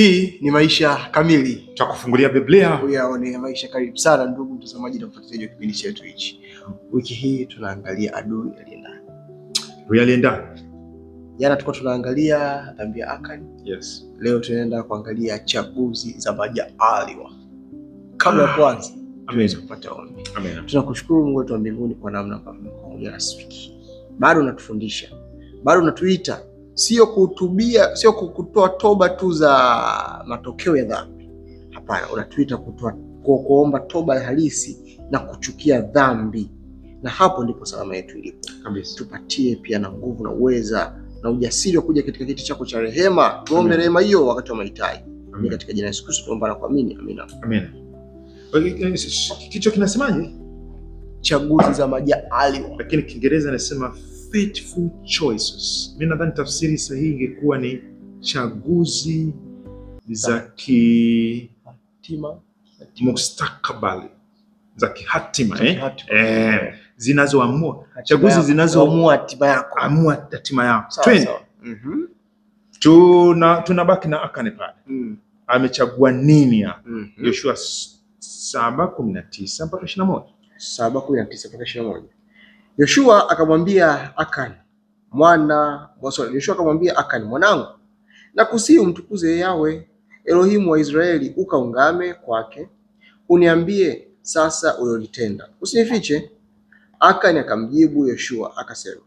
Hii ni Maisha Kamili, cha kufungulia Biblia uyaone maisha. Karibu sana ndugu mtazamaji na mfuatiliaji wa kipindi chetu hichi. Wiki hii tunaangalia adui aliye ndani, adui aliye ndani. Jana tulikuwa tunaangalia dhambi ya Akani. Yes. Leo tunaenda kuangalia chaguzi za majaaliwa. Kabla ya ah. kwanza tuweze kupata ombi. Amen. Tunakushukuru Mungu wetu wa mbinguni kwa namna ambavyo pamoja nasi wiki bado unatufundisha, bado unatuita sio kuhutubia, sio kutoa toba tu za matokeo ya dhambi. Hapana, unatuita kutoa kuomba toba halisi na kuchukia dhambi, na hapo ndipo salama yetu ilipo. Tupatie pia na nguvu na uweza na ujasiri wa kuja katika kiti chako cha rehema, tuombe rehema hiyo wakati wa mahitaji. Ni katika jina la Yesu Kristo tuomba na kuamini, amina. Amina. Eh, kichwa kinasemaje? Chaguzi za majaliwa, lakini Kiingereza inasema faithful choices. Mi nadhani tafsiri sahihi ingekuwa ni chaguzi za kihatima, mustakabali za kihatima eh? eh, zinazoamua chaguzi zinazoamua hatima yako, amua hatima yako. Mhm. Tuna tunabaki na Akani pale mm. amechagua nini hapa? mm -hmm. Yoshua saba kumi na tisa mpaka ishirini na moja saba kumi na tisa mpaka ishirini na moja Yoshua akamwambia Akan mwana wa Yoshua akamwambia akan mwanangu, nakusihi umtukuze Yawe Elohimu wa Israeli, ukaungame kwake, uniambie sasa uliolitenda usinifiche. akan akamjibu Yoshua akasema,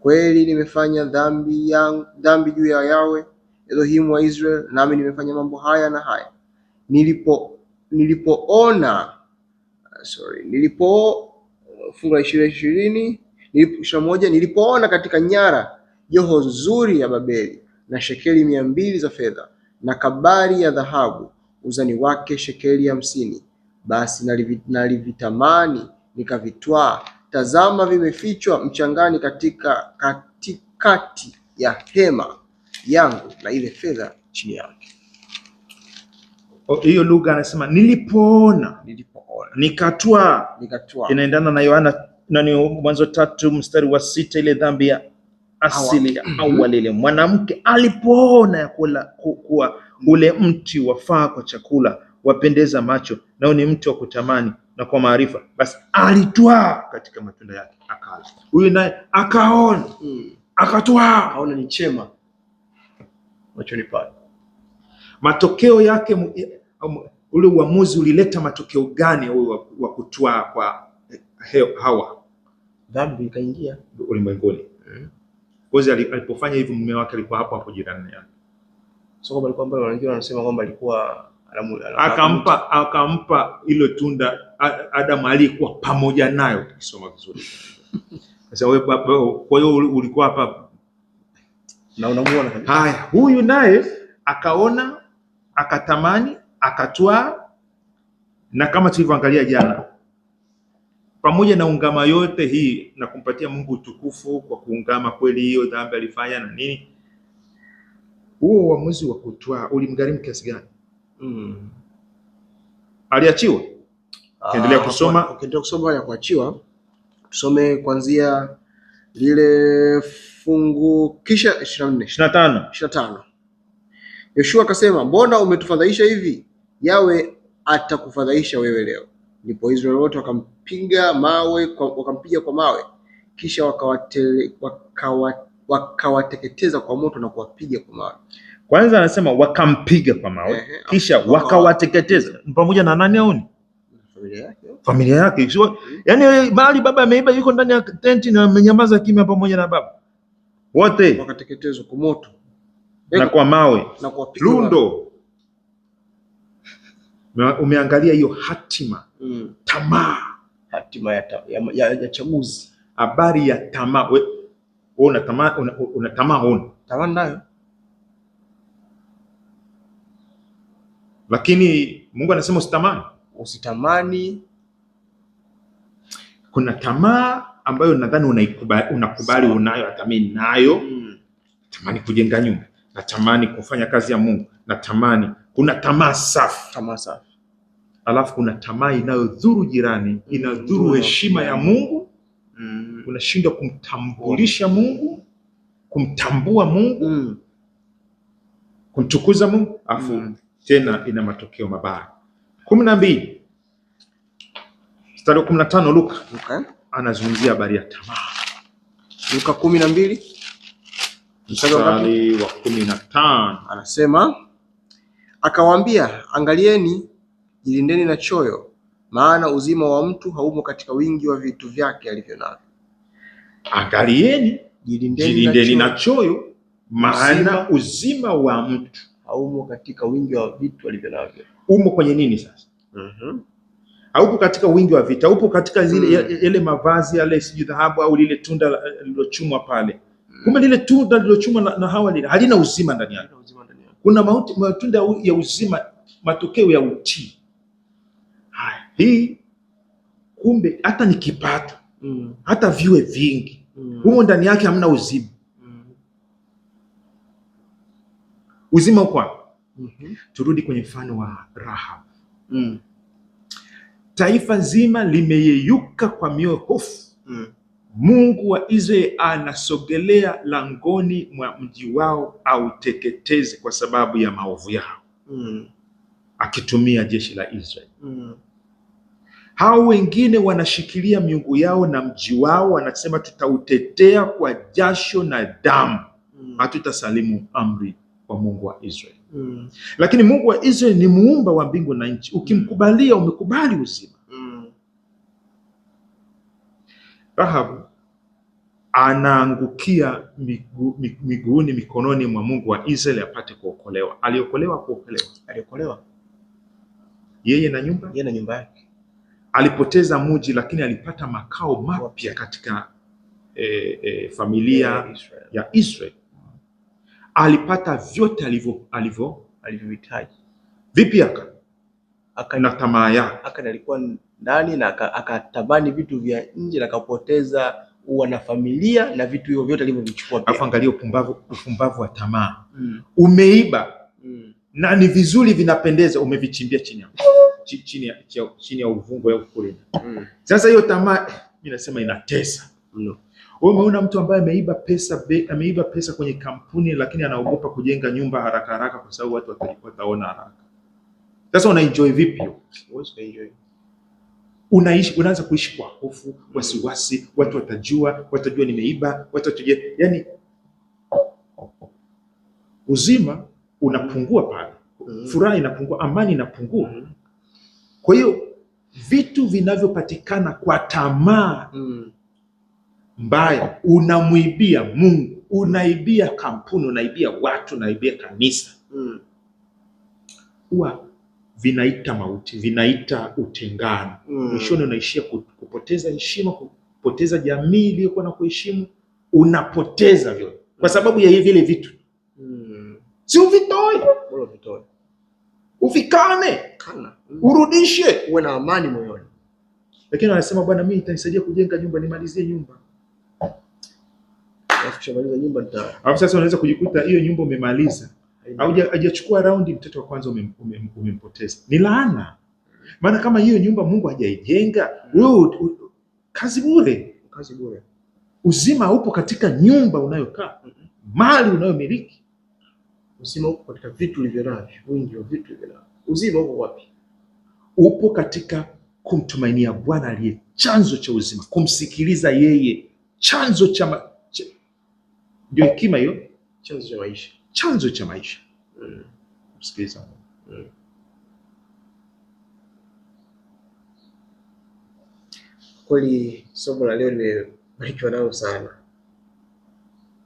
kweli nimefanya dhambi yangu, dhambi juu ya Yawe Elohimu wa Israeli, nami nimefanya mambo haya na haya nilipo nilipoona, sorry, nilipo fungu la ishirini ishirini na moja nilipoona katika nyara joho nzuri ya Babeli na shekeli mia mbili za fedha na kabari ya dhahabu uzani wake shekeli hamsini, basi nalivitamani nikavitwaa. Tazama, vimefichwa mchangani katika katikati ya hema yangu, na ile fedha chini yake. Hiyo lugha anasema nilipoona, nilipoona nikatwa, nikatwa. Inaendana na Yohana Mwanzo tatu mstari wa sita ile dhambi ya asili ya awali ile mwanamke alipoona ya kuwa ule mti wafaa kwa chakula, wapendeza macho, nao ni mti wa kutamani na kwa maarifa, basi alitwaa katika matunda yake akala. Huyu naye akaona mm. akatwaa, akaona ni chema machoni pale, matokeo yake mu, mu, ule uamuzi ulileta matokeo gani wewe wa kutwaa kwa eh, Hawa? Dhambi ikaingia ulimwenguni. Hmm. Kozi alipofanya hivyo mume wake alikuwa hapo hapo jirani yake. So kwamba alikuwa mbali, wanajua wanasema kwamba alikuwa akampa akampa ile tunda Adamu alikuwa pamoja nayo, ukisoma vizuri. Sasa wewe, baba, kwa hiyo ulikuwa hapa na unamuona. Haya, huyu naye akaona akatamani akatwaa, na kama tulivyoangalia jana, pamoja na ungama yote hii na kumpatia Mungu utukufu kwa kuungama kweli hiyo dhambi alifanya na nini, huo uamuzi wa kutwaa ulimgharimu kiasi gani? Mm. Aliachiwa. Ukiendelea ah, kusoma, ukiendelea kusoma ya kuachiwa, tusome kuanzia lile fungu kisha 24 25 25. Yoshua akasema, mbona umetufadhaisha hivi yawe atakufadhaisha wewe leo. Ndipo Israeli wote wakampiga mawe, wakampiga kwa mawe, kisha wakawatele, wakawa, wakawateketeza kwa moto na kuwapiga kwa mawe. Kwanza anasema wakampiga kwa mawe Ehe, kisha wakawateketeza pamoja na nani auni familia yake, familia yake. Hmm. Yaani mali baba ameiba yuko ndani ya tenti na amenyamaza kimya pamoja na baba wote wakateketezwa kwa moto na kwa mawe na kwa lundo umeangalia hiyo hatima mm. tamaa hatima ya, ta, ya, ya, ya chaguzi, habari ya tamaa. we, una tamaa, una tamaa, una tamaa nayo, lakini Mungu anasema usitamani, usitamani. Kuna tamaa ambayo nadhani unakubali unakubali unayo, mimi nayo mm. tamani kujenga nyumba natamani kufanya kazi ya Mungu, natamani. Kuna tamaa safi, tamaa safi, alafu kuna tamaa inayodhuru jirani, inadhuru heshima ya Mungu. Mm. Unashindwa kumtambulisha Mungu, kumtambua Mungu, mm. kumtukuza Mungu, alafu mm. tena ina matokeo mabaya. kumi na mbili mstari wa kumi na tano Luka, okay. anazungumzia habari ya tamaa Luka kumi na mbili mstari wa kumi na tano anasema akawaambia, angalieni, jilindeni na choyo, maana uzima wa mtu haumo katika wingi wa vitu vyake alivyo navyo. Angalieni, jilindeni na choyo, maana uzima wa mtu haumo katika wingi wa vitu alivyo navyo. Umo kwenye nini sasa? mm -hmm. Haupo katika wingi wa vitu, haupo katika zile mm. yale mavazi yale, sijui dhahabu au lile tunda lilochumwa pale Kumbe lile tunda lilochuma na, na Hawa lile halina uzima ndani yake. Kuna mauti, matunda ya uzima, matokeo ya utii. Haya, hii kumbe hata nikipata mm. hata viwe vingi mm. humo ndani yake hamna uzima mm. uzima ukwa mm -hmm. Turudi kwenye mfano wa Rahabu mm. Taifa zima limeyeyuka kwa mioyo hofu mm. Mungu wa Israeli anasogelea langoni mwa mji wao auteketeze kwa sababu ya maovu yao mm. akitumia jeshi la Israeli mm. hao wengine wanashikilia miungu yao na mji wao, wanasema tutautetea kwa jasho na damu, mm. hatutasalimu amri kwa Mungu wa Israeli mm. Lakini Mungu wa Israeli ni muumba wa mbingu na nchi, ukimkubalia umekubali uzima Rahabu anaangukia migu, miguuni mikononi mwa Mungu wa Israeli apate kuokolewa. Aliokolewa, kuokolewa, aliokolewa yeye na nyumba yeye na nyumba yake. Alipoteza muji, lakini alipata makao mapya katika e, e, familia yeah, Israel. ya Israeli alipata vyote alivyo alivyo alivyohitaji. Vipi aka na tamaa yake ndani na akatamani vitu vya nje na akapoteza wanafamilia na vitu hivyo vyote alivyovichukua. Alafu angalia upumbavu, upumbavu wa tamaa mm. Umeiba mm. na ni vizuri vinapendeza, umevichimbia chini ya chini ya chini ya uvungo ya kule mm. Sasa hiyo tamaa mimi eh, nasema inatesa no. Wewe umeona mtu ambaye ameiba pesa, ameiba pesa kwenye kampuni, lakini anaogopa kujenga nyumba haraka haraka kwa sababu watu wataona haraka. Sasa una enjoy vipi? Uwezi kuenjoy unaishi unaanza kuishi kwa hofu, wasiwasi, watu watajua, watajua nimeiba, watu watajua, yani uzima unapungua pale, mm-hmm. furaha inapungua, amani inapungua. Mm-hmm. Kwa hiyo vitu vinavyopatikana kwa tamaa mm. mbaya, unamwibia Mungu, unaibia kampuni, unaibia watu, unaibia kanisa, mm. huwa vinaita mauti, vinaita utengano mm. mwishoni mm. Unaishia kupoteza heshima, kupoteza jamii iliyokuwa na kuheshimu, unapoteza vyote kwa mm. sababu ya vile vitu mm. si uvitoe, uvikane Kana. Mm. Urudishe, uwe na amani moyoni. Lakini wanasema bwana, mimi nitanisaidia kujenga nyumba, nimalizie nyumba alafu sasa unaweza kujikuta hiyo nyumba umemaliza haujachukua raundi, mtoto wa kwanza umempoteza, ni laana. Maana kama hiyo nyumba Mungu hajaijenga wewe, kazi bure, kazi bure. Uzima upo katika nyumba unayokaa, mali unayomiliki. Uzima upo katika vitu ulivyo navyo, wingi wa vitu ulivyo navyo. Uzima upo wapi? Upo katika kumtumainia Bwana aliye chanzo cha uzima, kumsikiliza yeye, chanzo cha ndio hekima hiyo, chanzo cha maisha chanzo cha maisha. E, eh, msikiliza mm. Eh. Kweli somo la leo nimebarikiwa nao sana,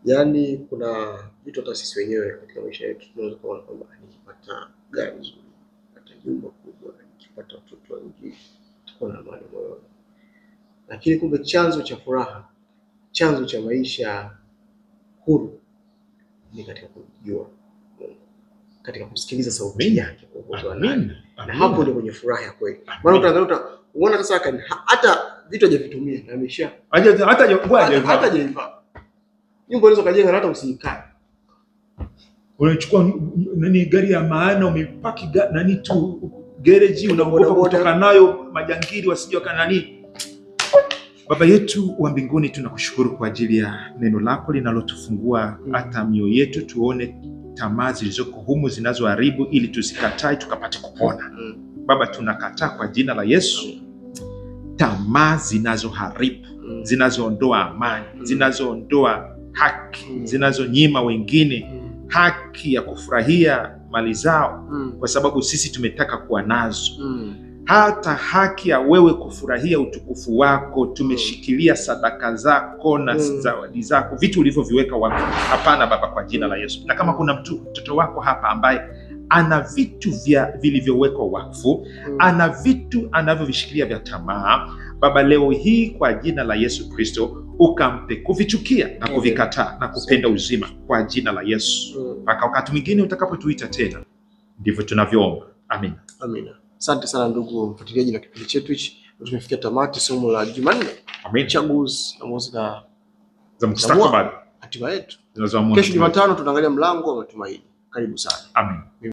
yaani kuna vitu hata sisi wenyewe katika maisha yetu tunaweza kuona kwamba nikipata gari nzuri, nikipata nyumba kubwa, nikipata watoto wengi tuko na amani moyoni, lakini kumbe chanzo cha furaha, chanzo cha maisha huru ni katika kujua Mungu, katika kusikiliza sauti yake kuongozwa naye, na hapo ndio kwenye furaha ya kweli. Maana utaangalia unaona sasa hata vitu hajavitumia na amesha hata hata hajaiva nyumba unaweza kujenga hata usikae, unachukua nani gari ya maana umepaki nani tu gereji, unaogopa kutoka nayo majangili wasije nani Baba yetu wa mbinguni, tunakushukuru kwa ajili ya neno lako linalotufungua mm. hata mioyo yetu tuone tamaa zilizoko humu zinazoharibu, ili tusikatae tukapate kupona. Mm. Baba, tunakataa kwa jina la Yesu mm. tamaa zinazoharibu, zinazoondoa amani, zinazoondoa haki, zinazonyima wengine haki ya kufurahia mali zao, kwa sababu sisi tumetaka kuwa nazo hata haki ya wewe kufurahia utukufu wako. Tumeshikilia sadaka zako na hmm. zawadi zako, vitu ulivyoviweka wakfu. Hapana Baba, kwa jina la Yesu. Na kama kuna mtu mtoto wako hapa ambaye ana vitu vya vilivyowekwa wakfu mm. ana vitu anavyovishikilia vya tamaa, Baba, leo hii kwa jina la Yesu Kristo ukampe kuvichukia na hmm. kuvikataa na kupenda uzima kwa jina la Yesu hmm. mpaka mm. wakati mwingine utakapotuita tena. Ndivyo tunavyoomba, amina, amina. Asante sana ndugu mfuatiliaji na kipindi chetu hichi, tumefikia tamati somo la Jumanne, chaguzi na hatima yetu. Kesho Jumatano tunaangalia mlango wa matumaini. Karibu sana. Amen.